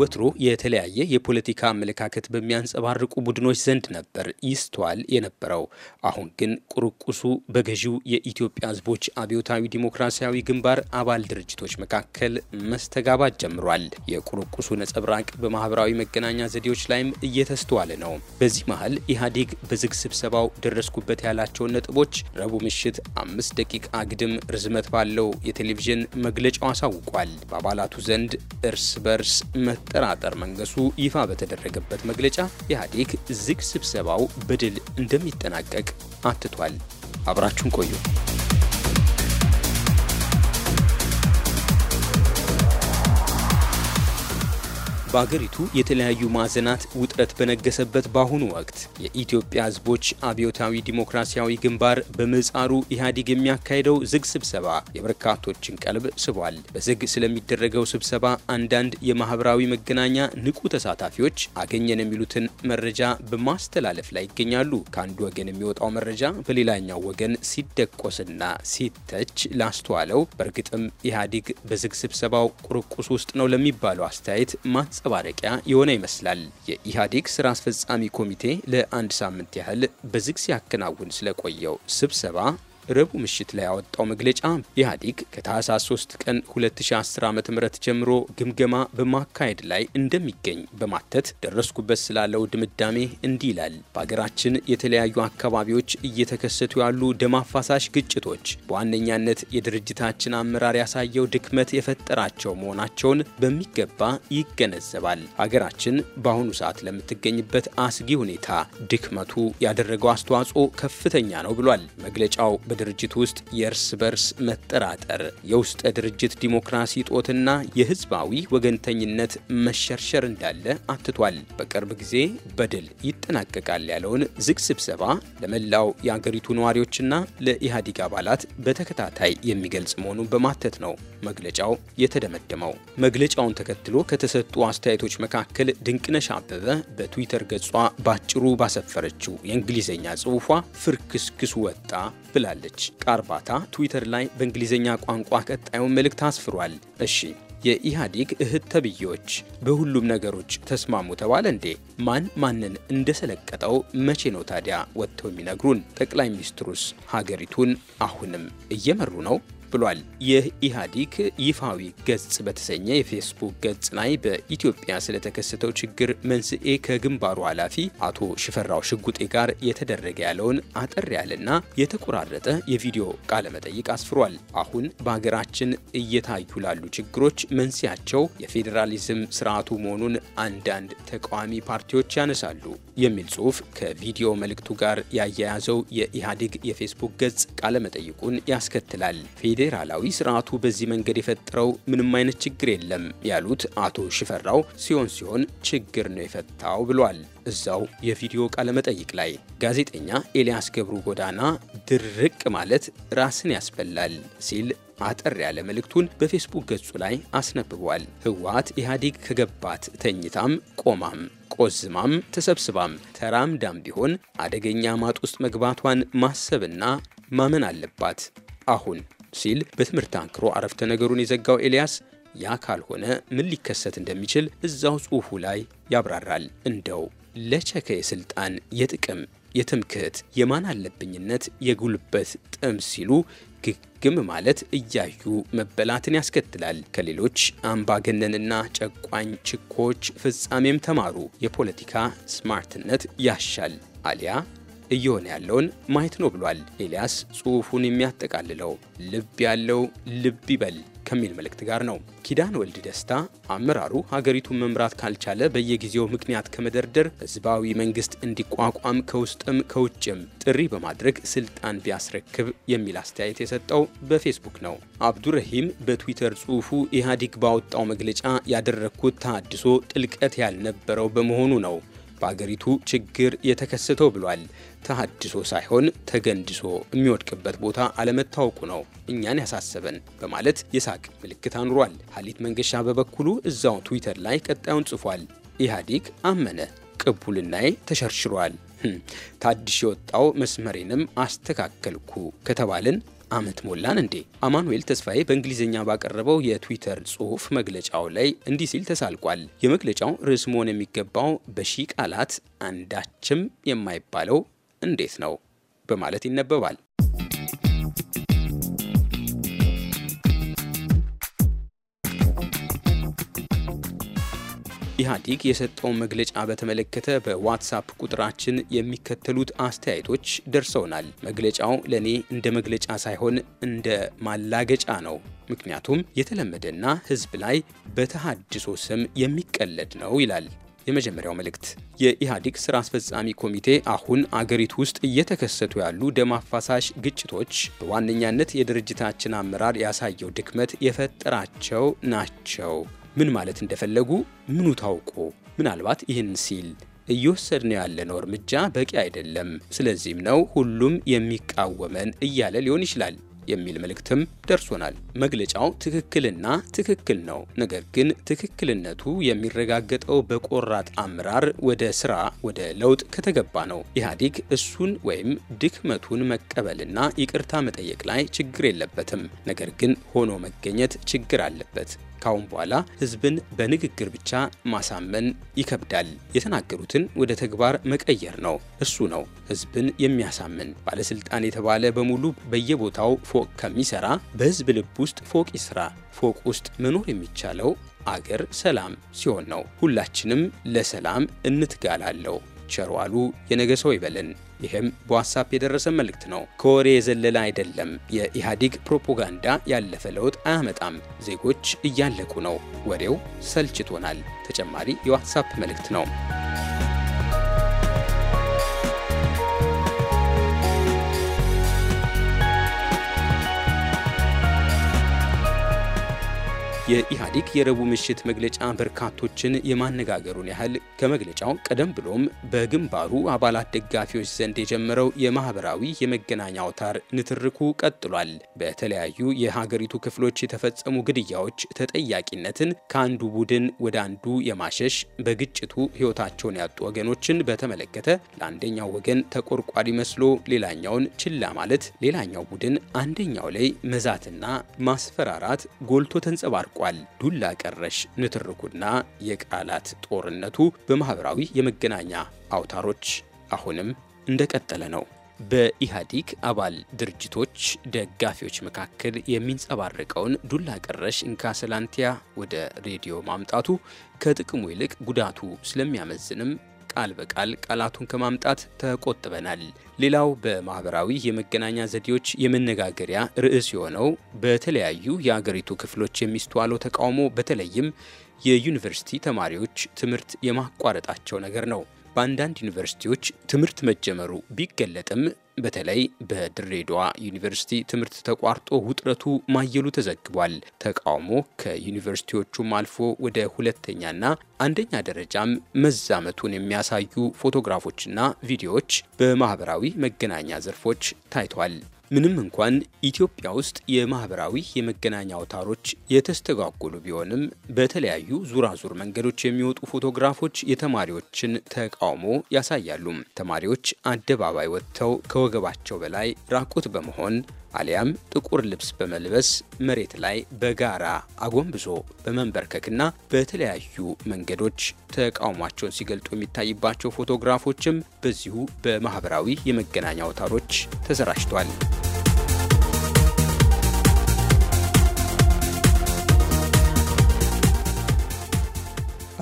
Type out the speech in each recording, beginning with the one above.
ወትሮ የተለያየ የፖለቲካ አመለካከት በሚያንጸባርቁ ቡድኖች ዘንድ ነበር ይስተዋል የነበረው። አሁን ግን ቁርቁሱ በገዢው የኢትዮጵያ ሕዝቦች አብዮታዊ ዲሞክራሲያዊ ግንባር አባል ድርጅቶች መካከል መስተጋባት ጀምሯል። የቁርቁሱ ነጸብራቅ በማህበራዊ መገናኛ ዘዴዎች ላይም እየተስተዋለ ነው። በዚህ መሀል ኢህአዴግ በዝግ ስብሰባው ደረስኩበት ያላቸውን ነጥቦች ረቡዕ ምሽት አምስት ደቂቃ ግድም ርዝመት ባለው የቴሌቪዥን መግለጫው አሳውቋል። በአባላቱ ዘንድ እርስ በርስ መ ጠራጠር መንገሱ ይፋ በተደረገበት መግለጫ ኢህአዴግ ዝግ ስብሰባው በድል እንደሚጠናቀቅ አትቷል። አብራችሁን ቆዩ። በአገሪቱ የተለያዩ ማዕዘናት ውጥረት በነገሰበት በአሁኑ ወቅት የኢትዮጵያ ሕዝቦች አብዮታዊ ዲሞክራሲያዊ ግንባር በምህጻሩ ኢህአዲግ የሚያካሄደው ዝግ ስብሰባ የበርካቶችን ቀልብ ስቧል። በዝግ ስለሚደረገው ስብሰባ አንዳንድ የማህበራዊ መገናኛ ንቁ ተሳታፊዎች አገኘን የሚሉትን መረጃ በማስተላለፍ ላይ ይገኛሉ። ከአንድ ወገን የሚወጣው መረጃ በሌላኛው ወገን ሲደቆስና ሲተች ላስተዋለው በእርግጥም ኢህአዲግ በዝግ ስብሰባው ቁርቁስ ውስጥ ነው ለሚባለው አስተያየት ማ። ማንጸባረቂያ የሆነ ይመስላል። የኢህአዴግ ስራ አስፈጻሚ ኮሚቴ ለአንድ ሳምንት ያህል በዝግ ሲያከናውን ስለቆየው ስብሰባ ረቡዕ ምሽት ላይ ያወጣው መግለጫ ኢህአዴግ ከታህሳስ 3 ቀን 2010 ዓ.ም ጀምሮ ግምገማ በማካሄድ ላይ እንደሚገኝ በማተት ደረስኩበት ስላለው ድምዳሜ እንዲህ ይላል። በሀገራችን የተለያዩ አካባቢዎች እየተከሰቱ ያሉ ደም አፋሳሽ ግጭቶች በዋነኛነት የድርጅታችን አመራር ያሳየው ድክመት የፈጠራቸው መሆናቸውን በሚገባ ይገነዘባል። ሀገራችን በአሁኑ ሰዓት ለምትገኝበት አስጊ ሁኔታ ድክመቱ ያደረገው አስተዋጽኦ ከፍተኛ ነው ብሏል መግለጫው። በድርጅት ውስጥ የእርስ በርስ መጠራጠር፣ የውስጠ ድርጅት ዲሞክራሲ ጦትና የህዝባዊ ወገንተኝነት መሸርሸር እንዳለ አትቷል። በቅርብ ጊዜ በድል ይጠናቀቃል ያለውን ዝግ ስብሰባ ለመላው የአገሪቱ ነዋሪዎችና ለኢህአዴግ አባላት በተከታታይ የሚገልጽ መሆኑን በማተት ነው መግለጫው የተደመደመው። መግለጫውን ተከትሎ ከተሰጡ አስተያየቶች መካከል ድንቅነሽ አበበ በትዊተር ገጿ ባጭሩ ባሰፈረችው የእንግሊዝኛ ጽሑፏ ፍርክስክስ ወጣ ብላል። ብላለች። ቃርባታ ትዊተር ላይ በእንግሊዝኛ ቋንቋ ቀጣዩን መልእክት አስፍሯል። እሺ የኢህአዴግ እህት ተብዬዎች በሁሉም ነገሮች ተስማሙ ተባለ እንዴ? ማን ማንን እንደሰለቀጠው መቼ ነው ታዲያ ወጥተው የሚነግሩን? ጠቅላይ ሚኒስትሩስ ሀገሪቱን አሁንም እየመሩ ነው? ብሏል። ይህ ኢህአዲግ ይፋዊ ገጽ በተሰኘ የፌስቡክ ገጽ ላይ በኢትዮጵያ ስለተከሰተው ችግር መንስኤ ከግንባሩ ኃላፊ አቶ ሽፈራው ሽጉጤ ጋር የተደረገ ያለውን አጠር ያለና የተቆራረጠ የቪዲዮ ቃለመጠይቅ አስፍሯል። አሁን በሀገራችን እየታዩ ላሉ ችግሮች መንስያቸው የፌዴራሊዝም ስርዓቱ መሆኑን አንዳንድ ተቃዋሚ ፓርቲዎች ያነሳሉ የሚል ጽሑፍ ከቪዲዮ መልእክቱ ጋር ያያያዘው የኢህአዲግ የፌስቡክ ገጽ ቃለመጠይቁን ያስከትላል። ፌዴራላዊ ስርዓቱ በዚህ መንገድ የፈጠረው ምንም አይነት ችግር የለም ያሉት አቶ ሽፈራው ሲሆን ሲሆን ችግር ነው የፈታው ብሏል። እዛው የቪዲዮ ቃለመጠይቅ ላይ ጋዜጠኛ ኤልያስ ገብሩ ጎዳና ድርቅ ማለት ራስን ያስበላል ሲል አጠር ያለ መልእክቱን በፌስቡክ ገጹ ላይ አስነብቧል። ህወሓት ኢህአዴግ ከገባት ተኝታም ቆማም ቆዝማም ተሰብስባም ተራምዳም ቢሆን አደገኛ ማጥ ውስጥ መግባቷን ማሰብና ማመን አለባት። አሁን ሲል በትምህርት አንክሮ አረፍተ ነገሩን የዘጋው ኤልያስ ያ ካልሆነ ምን ሊከሰት እንደሚችል እዛው ጽሑፉ ላይ ያብራራል። እንደው ለቸከ የስልጣን የጥቅም የትምክህት የማን አለብኝነት የጉልበት ጥም ሲሉ ግግም ማለት እያዩ መበላትን ያስከትላል። ከሌሎች አምባገነንና ጨቋኝ ችኮች ፍጻሜም ተማሩ። የፖለቲካ ስማርትነት ያሻል አሊያ እየሆነ ያለውን ማየት ነው ብሏል። ኤልያስ ጽሑፉን የሚያጠቃልለው ልብ ያለው ልብ ይበል ከሚል መልእክት ጋር ነው። ኪዳን ወልድ ደስታ አመራሩ ሀገሪቱን መምራት ካልቻለ በየጊዜው ምክንያት ከመደርደር ህዝባዊ መንግስት እንዲቋቋም ከውስጥም ከውጭም ጥሪ በማድረግ ስልጣን ቢያስረክብ የሚል አስተያየት የሰጠው በፌስቡክ ነው። አብዱረሂም በትዊተር ጽሑፉ ኢህአዲግ ባወጣው መግለጫ ያደረግኩት ተሃድሶ ጥልቀት ያልነበረው በመሆኑ ነው በአገሪቱ ችግር የተከሰተው ብሏል። ተሃድሶ ሳይሆን ተገንድሶ የሚወድቅበት ቦታ አለመታወቁ ነው እኛን ያሳሰበን በማለት የሳቅ ምልክት አኑሯል። ሀሊት መንገሻ በበኩሉ እዛው ትዊተር ላይ ቀጣዩን ጽፏል። ኢህአዲግ አመነ፣ ቅቡልናይ ተሸርሽሯል። ታድሽ የወጣው መስመሬንም አስተካከልኩ ከተባልን ዓመት ሞላን እንዴ? አማኑኤል ተስፋዬ በእንግሊዝኛ ባቀረበው የትዊተር ጽሑፍ መግለጫው ላይ እንዲህ ሲል ተሳልቋል። የመግለጫው ርዕስ መሆን የሚገባው በሺህ ቃላት አንዳችም የማይባለው እንዴት ነው በማለት ይነበባል። ኢህአዲግ የሰጠውን መግለጫ በተመለከተ በዋትሳፕ ቁጥራችን የሚከተሉት አስተያየቶች ደርሰውናል። መግለጫው ለእኔ እንደ መግለጫ ሳይሆን እንደ ማላገጫ ነው። ምክንያቱም የተለመደና ህዝብ ላይ በተሃድሶ ስም የሚቀለድ ነው ይላል። የመጀመሪያው መልእክት የኢህአዴግ ስራ አስፈጻሚ ኮሚቴ አሁን አገሪቱ ውስጥ እየተከሰቱ ያሉ ደም አፋሳሽ ግጭቶች በዋነኛነት የድርጅታችን አመራር ያሳየው ድክመት የፈጠራቸው ናቸው ምን ማለት እንደፈለጉ ምኑ ታውቁ ምናልባት ይህን ሲል እየወሰድ ነው ያለነው እርምጃ በቂ አይደለም፣ ስለዚህም ነው ሁሉም የሚቃወመን እያለ ሊሆን ይችላል የሚል መልእክትም ደርሶናል። መግለጫው ትክክልና ትክክል ነው። ነገር ግን ትክክልነቱ የሚረጋገጠው በቆራጥ አመራር ወደ ስራ ወደ ለውጥ ከተገባ ነው። ኢህአዴግ እሱን ወይም ድክመቱን መቀበልና ይቅርታ መጠየቅ ላይ ችግር የለበትም። ነገር ግን ሆኖ መገኘት ችግር አለበት። ካሁን በኋላ ህዝብን በንግግር ብቻ ማሳመን ይከብዳል። የተናገሩትን ወደ ተግባር መቀየር ነው። እሱ ነው ህዝብን የሚያሳምን። ባለስልጣን የተባለ በሙሉ በየቦታው ፎቅ ከሚሰራ በህዝብ ልብ ውስጥ ፎቅ ይስራ። ፎቅ ውስጥ መኖር የሚቻለው አገር ሰላም ሲሆን ነው። ሁላችንም ለሰላም እንትጋላለው። ቸሯሉ የነገ ሰው ይበለን። ይህም በዋትሳፕ የደረሰ መልእክት ነው። ከወሬ የዘለለ አይደለም። የኢህአዴግ ፕሮፓጋንዳ ያለፈ ለውጥ አያመጣም። ዜጎች እያለቁ ነው። ወሬው ሰልችቶናል። ተጨማሪ የዋትሳፕ መልእክት ነው። የኢህአዴግ የረቡዕ ምሽት መግለጫ በርካቶችን የማነጋገሩን ያህል ከመግለጫው ቀደም ብሎም በግንባሩ አባላት ደጋፊዎች ዘንድ የጀመረው የማህበራዊ የመገናኛ አውታር ንትርኩ ቀጥሏል። በተለያዩ የሀገሪቱ ክፍሎች የተፈጸሙ ግድያዎች ተጠያቂነትን ከአንዱ ቡድን ወደ አንዱ የማሸሽ በግጭቱ ህይወታቸውን ያጡ ወገኖችን በተመለከተ ለአንደኛው ወገን ተቆርቋሪ መስሎ ሌላኛውን ችላ ማለት ሌላኛው ቡድን አንደኛው ላይ መዛትና ማስፈራራት ጎልቶ ተንጸባርቋል። ተጠናቋል። ዱላ ቀረሽ ንትርኩና የቃላት ጦርነቱ በማህበራዊ የመገናኛ አውታሮች አሁንም እንደቀጠለ ነው። በኢህአዲግ አባል ድርጅቶች ደጋፊዎች መካከል የሚንጸባረቀውን ዱላ ቀረሽ እንካሰላንቲያ ወደ ሬዲዮ ማምጣቱ ከጥቅሙ ይልቅ ጉዳቱ ስለሚያመዝንም ቃል በቃል ቃላቱን ከማምጣት ተቆጥበናል። ሌላው በማህበራዊ የመገናኛ ዘዴዎች የመነጋገሪያ ርዕስ የሆነው በተለያዩ የአገሪቱ ክፍሎች የሚስተዋለው ተቃውሞ በተለይም የዩኒቨርሲቲ ተማሪዎች ትምህርት የማቋረጣቸው ነገር ነው። በአንዳንድ ዩኒቨርሲቲዎች ትምህርት መጀመሩ ቢገለጥም በተለይ በድሬዳዋ ዩኒቨርሲቲ ትምህርት ተቋርጦ ውጥረቱ ማየሉ ተዘግቧል። ተቃውሞ ከዩኒቨርሲቲዎቹም አልፎ ወደ ሁለተኛና አንደኛ ደረጃም መዛመቱን የሚያሳዩ ፎቶግራፎችና ቪዲዮዎች በማህበራዊ መገናኛ ዘርፎች ታይቷል። ምንም እንኳን ኢትዮጵያ ውስጥ የማህበራዊ የመገናኛ አውታሮች የተስተጓጎሉ ቢሆንም በተለያዩ ዙራዙር መንገዶች የሚወጡ ፎቶግራፎች የተማሪዎችን ተቃውሞ ያሳያሉ። ተማሪዎች አደባባይ ወጥተው ከወገባቸው በላይ ራቁት በመሆን አሊያም ጥቁር ልብስ በመልበስ መሬት ላይ በጋራ አጎንብሶ በመንበርከክና በተለያዩ መንገዶች ተቃውሟቸውን ሲገልጡ የሚታይባቸው ፎቶግራፎችም በዚሁ በማህበራዊ የመገናኛ አውታሮች ተሰራጭቷል።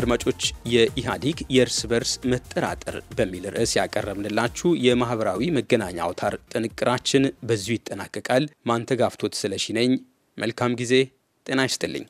አድማጮች የኢህአዴግ የእርስ በርስ መጠራጠር በሚል ርዕስ ያቀረብንላችሁ የማህበራዊ መገናኛ አውታር ጥንቅራችን በዚሁ ይጠናቀቃል። ማንተጋፍቶት ስለሺ ነኝ። መልካም ጊዜ። ጤና ይስጥልኝ።